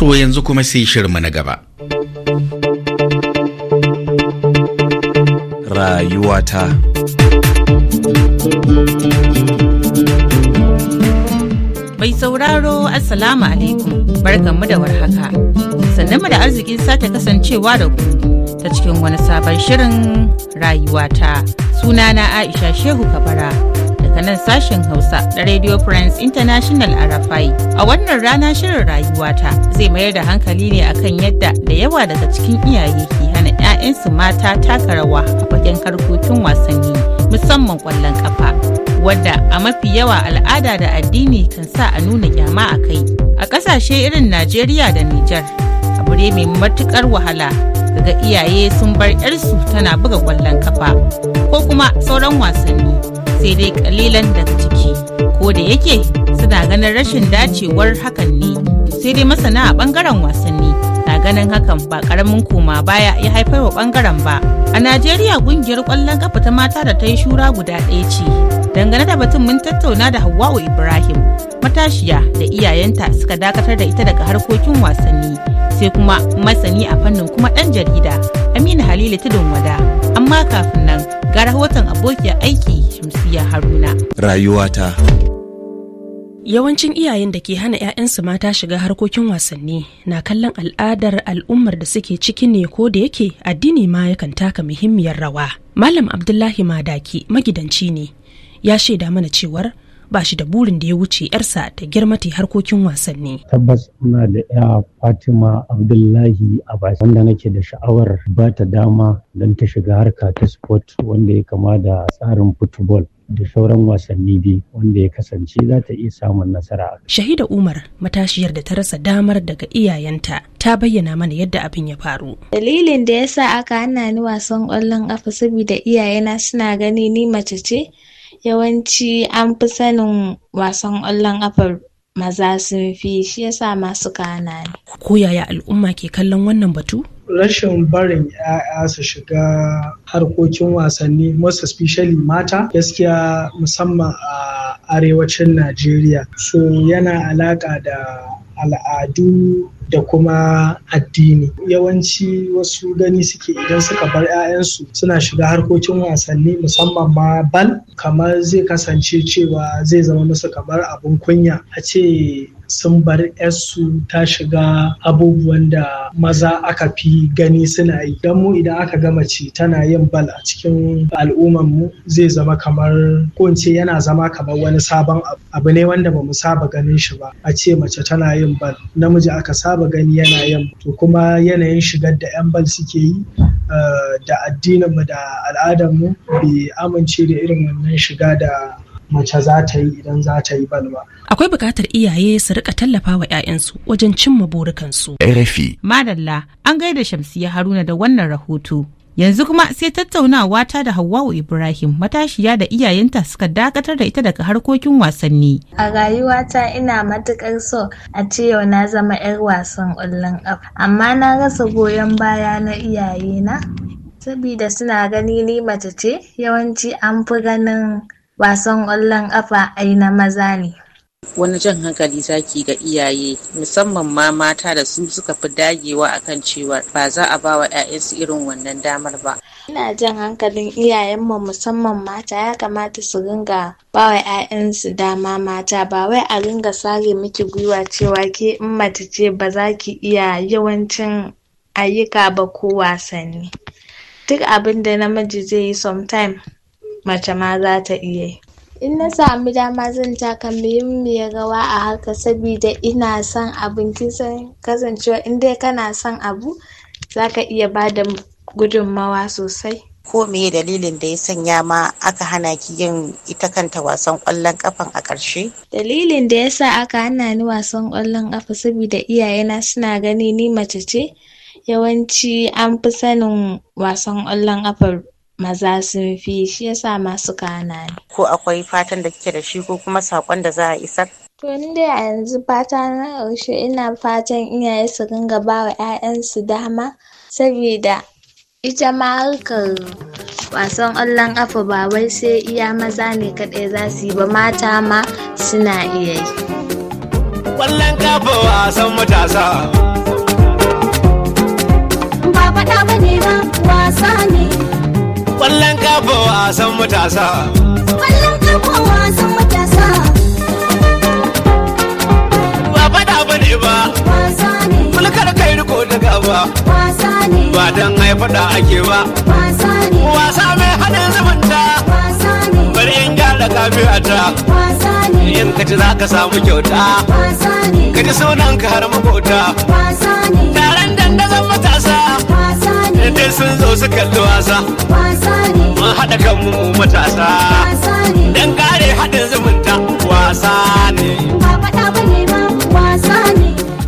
To yanzu kuma sai shirma na gaba. Rayuwata Mai sauraro Assalamu alaikum barkanmu da warhaka. Sannan mu da arzikin sake kasancewa da ku ta cikin wani sabon shirin rayuwata. Sunana Aisha Shehu Kabara. daga nan sashen Hausa da Radio France International a Rafai, A wannan rana shirin rayuwata zai mayar da hankali ne akan yadda da yawa daga cikin iyaye ke hana 'ya'yansu mata taka rawa a fagen harkokin wasanni musamman ƙwallon ƙafa, Wadda a mafi yawa al'ada da addini kan sa a nuna kyama a kai. A ƙasashe irin Najeriya da Nijar, abu ne mai matuƙar wahala daga iyaye sun bar 'yarsu tana buga ƙwallon kafa ko kuma sauran wasanni. sai dai kalilan daga ciki ko da yake suna ganin rashin dacewar hakan ne sai dai masana a bangaren wasanni na ganin hakan ba karamin koma baya ya haifar wa bangaren ba A Najeriya ƙungiyar ƙwallon kafa ta mata da ta yi shura guda ɗaya ce. Dangane da batun mun tattauna da Hawwa'u Ibrahim, matashiya da iyayenta suka dakatar da ita daga harkokin wasanni. Sai kuma masani a fannin kuma ɗan jarida Aminu Halilu Tudun Wada. Amma kafin nan ga rahoton abokiyar aiki Shamsiyya Haruna. Rayuwata Yawancin iyayen da ke hana 'ya'yansu mata shiga harkokin wasanni na kallon al'adar al'ummar da suke ciki ne ko da yake addini ma yakan taka muhimmiyar rawa. Malam Abdullahi Madaki magidanci ne ya shaida mana cewar ba shi da burin da ya wuce 'yarsa ta girma ta harkokin wasanni. Tabbas ina da 'ya Fatima Abdullahi Abbas wanda nake da sha'awar ba ta dama don ta shiga harka ta sport wanda ya kama da tsarin football. da sauran wasanni biyu wanda ya kasance za ta iya samun nasara. Shahida Umar matashiyar da ta rasa damar daga iyayenta ta bayyana mana yadda abin ya faru. Dalilin da ya sa aka hana ni wasan ƙwallon ƙafa saboda iyayena suna gani ni mace ce yawanci an fi sanin wasan ƙwallon ƙafa maza sun fi shi yasa masu kana ne. Ko yaya al'umma ke kallon wannan batu? rashin barin 'ya'ya su shiga harkokin wasanni most especially mata gaskiya musamman a arewacin najeriya so yana alaka da al'adu da kuma addini yawanci wasu gani suke idan suka bar 'ya'yansu suna shiga harkokin wasanni musamman ma bal kamar zai kasance cewa zai zama musu kamar abin kunya a ce sun bar yarsu ta shiga abubuwan da maza aka fi gani suna yi don mu idan aka ga mace tana yin bal a cikin al'ummar mu zai zama kamar kunce yana zama kamar wani sabon abu abu ne wanda ba mu saba ganin shi ba a ce mace tana yin bal namiji aka saba gani yana yin to kuma yanayin shigar da 'yan bal suke yi eh, da mu da al'adar mu bai amince da irin wannan shiga da mace za ta yi idan za ta yi balwa. Akwai bukatar iyaye su rika tallafa wa 'ya'yansu wajen cimma burukansu. RFI. Madalla, an gaida Shamsiya Haruna da wannan rahoto. Yanzu kuma sai tattaunawa ta da Hawwa'u Ibrahim matashiya da iyayenta suka dakatar da ita daga harkokin wasanni. A rayuwata ina matukar so a ce yau na zama 'yar wasan ƙwallon ƙafa, amma na rasa goyon baya na iyayena. Sabida suna gani ni mace ce, yawanci an fi ganin wasan ƙwallon ƙafa ai na maza ne. Wani jan hankali zaki ga iyaye musamman ma mata da su suka fi dagewa akan cewa ba za a ba wa 'ya'yansu irin wannan damar ba. Ina jan hankalin iyayenmu musamman mata ya kamata su ringa ba wa 'ya'yansu dama mata ba wai a ringa sare miki gwiwa cewa ke in mace ce ba za ki iya yawancin ayyuka ba ko wasanni. Duk abin da namiji zai yi sometime mace ma za ta iya yi. In na sami dama zan taka muhimmiyar rawa a haka sabida ina son abin kisan kasancewa in dai kana son abu za ka iya ba da gudunmawa sosai. Ko me dalilin da ya sanya ma aka hana ki yin ita kanta wasan ƙwallon kafan a ƙarshe? Dalilin da ya sa aka hana ni wasan kwallon kafa sabida iyayena suna gani ni mace ce. yawanci an fi sanin wasan ƙwallon ƙafar maza sun fi shi yasa masu suka Ko akwai fatan da kike da shi ko kuma saƙon da za a isar? To ni a yanzu fata na ƙarshe ina fatan iyaye su dinga ba wa 'ya'yansu dama saboda ita ma harkar wasan ƙwallon ƙafa ba wai sai iya maza ne kaɗai za su yi ba mata ma suna iya yi. Ƙwallon ƙafa wasan matasa. Ba faɗa ba ne ba wasa ne. Ƙwallon kafa wasan matasa. Ƙwallon kafa wasan matasa. Ba faɗa ba ne ba. Wasa ne. Mulkar kai riko da gaba. Wasa ne. Ba dan ai faɗa ake ba. Wasa ne. Wasa mai haɗin zumunta. Wasa ne. Bari in gyara kafiyata. Wasa ne. Yin ka za ka samu kyauta. Wasa ne. Ka sunan ka har makota. Wasa ne. Taron dandazon matasa. Wasa ne. Inda sun zo su kalli wasa. Wasa ne. Mun haɗa kanmu mu matasa. Wasa ne. Dan kare haɗin zumunta wasa ne.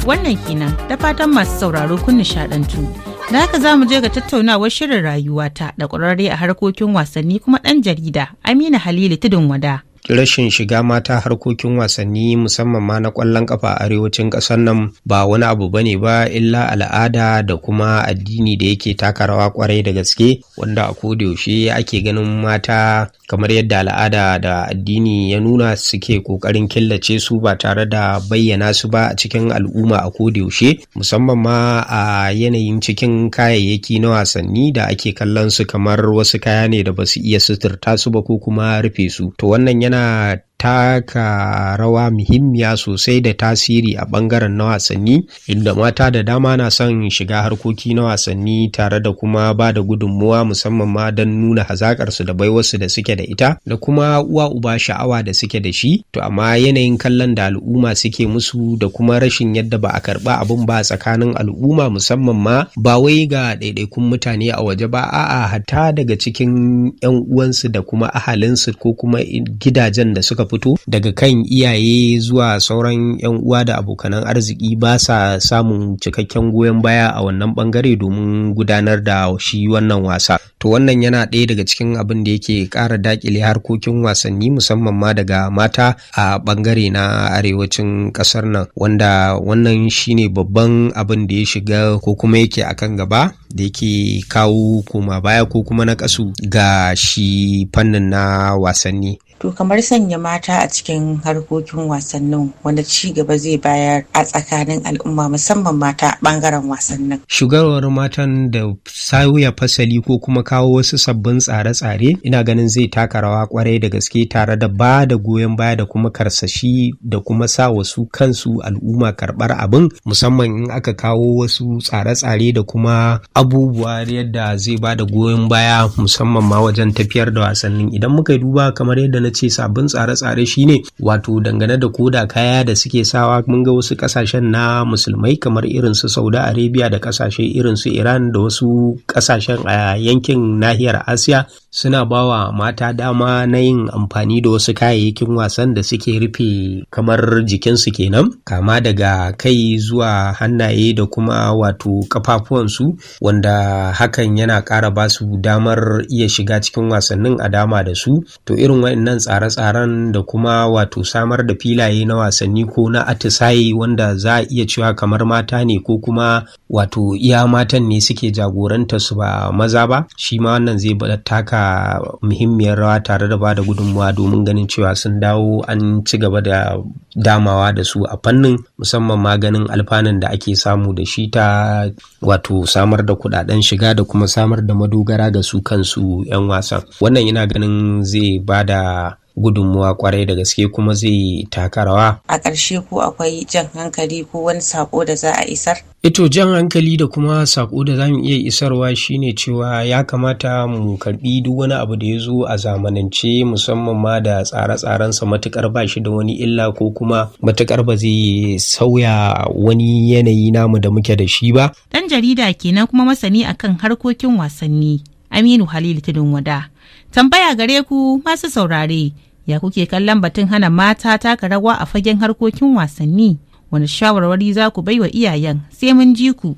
Wannan kenan da fatan masu sauraro kun nishaɗantu. Da haka za mu je ga tattaunawar shirin rayuwata da ƙwararre a harkokin wasanni kuma ɗan jarida Amina Halilu Tudun Wada. rashin shiga mata harkokin wasanni musamman ma na ƙwallon ƙafa a arewacin ƙasar nan ba wani abu ba ne ba illa al'ada da kuma addini da yake taka rawa kwarai da gaske wanda a kodayaushe ake ganin mata kamar yadda al'ada da addini ya nuna suke ƙoƙarin killace su ba tare da bayyana su ba a cikin al'umma a yaushe musamman ma a yanayin cikin kayayyaki na wasanni da ake kallon su kamar wasu kaya ne da ba su iya suturta su ba ko kuma rufe su to wannan yana gonna taka rawa muhimmiya sosai da tasiri a bangaren na wasanni inda mata da dama na son shiga harkoki na wasanni tare da kuma ba da gudunmuwa musamman ma don nuna hazakarsu da baiwarsu da suke da ita da kuma uwa uba sha'awa da suke da shi to amma yanayin kallon da al'umma suke musu da kuma rashin yadda ba a karɓa abin ba tsakanin al'umma musamman ma ba wai ga ɗaiɗaikun mutane a waje ba a'a hatta daga cikin 'yan uwansu da kuma ahalinsu ko kuma gidajen da suka fito daga kan iyaye zuwa sauran 'yan uwa da abokanan arziki ba sa samun cikakken goyon baya a wannan bangare domin gudanar da shi wannan wasa to wannan yana ɗaya daga cikin abin da yake ƙara dakile harkokin wasanni musamman ma daga mata a bangare na arewacin ƙasar nan wanda wannan shine babban abin da ya shiga ko kuma yake akan gaba da yake kawo koma baya ko kuma na kasu ga shi fannin na wasanni to kamar sanya mata a cikin harkokin wasannin wanda ci gaba zai bayar a tsakanin al'umma musamman mata a bangaren wasannin shugabar matan da sauya fasali ko kuma kawo wasu sabbin tsare-tsare ina ganin zai taka rawa kwarai da gaske tare da ba da goyon baya da kuma karsashi da kuma sa wasu kansu al'umma karɓar abin musamman in aka kawo wasu tsare-tsare da kuma abubuwa yadda zai ba da goyon baya musamman ma wajen tafiyar da wasannin idan muka duba kamar yadda na ce sabbin tsare-tsare shine wato dangane da koda kaya da suke sawa mun ga wasu kasashen na musulmai kamar irin su saudi arabia da kasashe irin su iran da wasu kasashen a yankin nahiyar asiya suna bawa mata dama na yin amfani da wasu kayayyakin wasan da suke rufe kamar jikinsu kenan kama daga kai zuwa hannaye da kuma wato kafafuwansu wanda hakan yana ƙara basu damar iya shiga cikin wasannin a dama da su to irin waɗannan tsare-tsaren da kuma wato samar da filaye na wasanni ko na atisaye wanda za a iya cewa kamar mata ne ko kuma wato iya matan ne suke jagoranta su ba maza ba shi ma wannan zai taka muhimmiyar rawa tare da bada gudunmawa domin ganin cewa sun dawo an ci gaba da damawa da su a fannin musamman maganin alfanun da ake samu da shi ta wato samar da kudaden shiga da kuma samar da madogara ga su kansu 'yan wasan wannan yana ganin zai ba da. gudunmuwa kwarai da gaske kuma zai taka rawa. A ƙarshe ko akwai jan hankali ko wani sako da za a isar? Ito jan hankali da kuma sako da za mu iya isarwa shine cewa ya kamata mu karɓi duk wani abu da ya zo a zamanance musamman ma da tsare-tsarensa matukar ba shi da wani illa ko kuma matukar ba zai sauya wani yanayi namu da muke da shi ba. Ɗan jarida kenan kuma masani akan harkokin wasanni Aminu Halil Tudun Wada. Tambaya gare ku masu saurare, ya kuke kallon batun hana mata taka rawa a fagen harkokin wasanni, wani shawarwari za ku baiwa iyayen sai mun ji ku.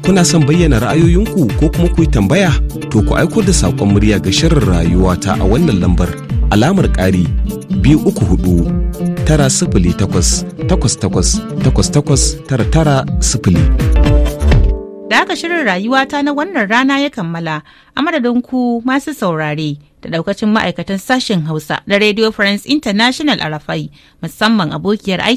Kuna son bayyana ra'ayoyinku ko kuma ku yi tambaya? To ku aiko da saƙon murya ga shirin rayuwa ta a wannan lambar alamar ƙari biyu uku hudu tara sifili takwas takwas takwas takwas takwas tara tara sifili. da aka shirin rayuwata na wannan rana ya kammala a madadin ku masu saurare da daukacin ma'aikatan sashen hausa da radio france international a rafai musamman abokiyar aiki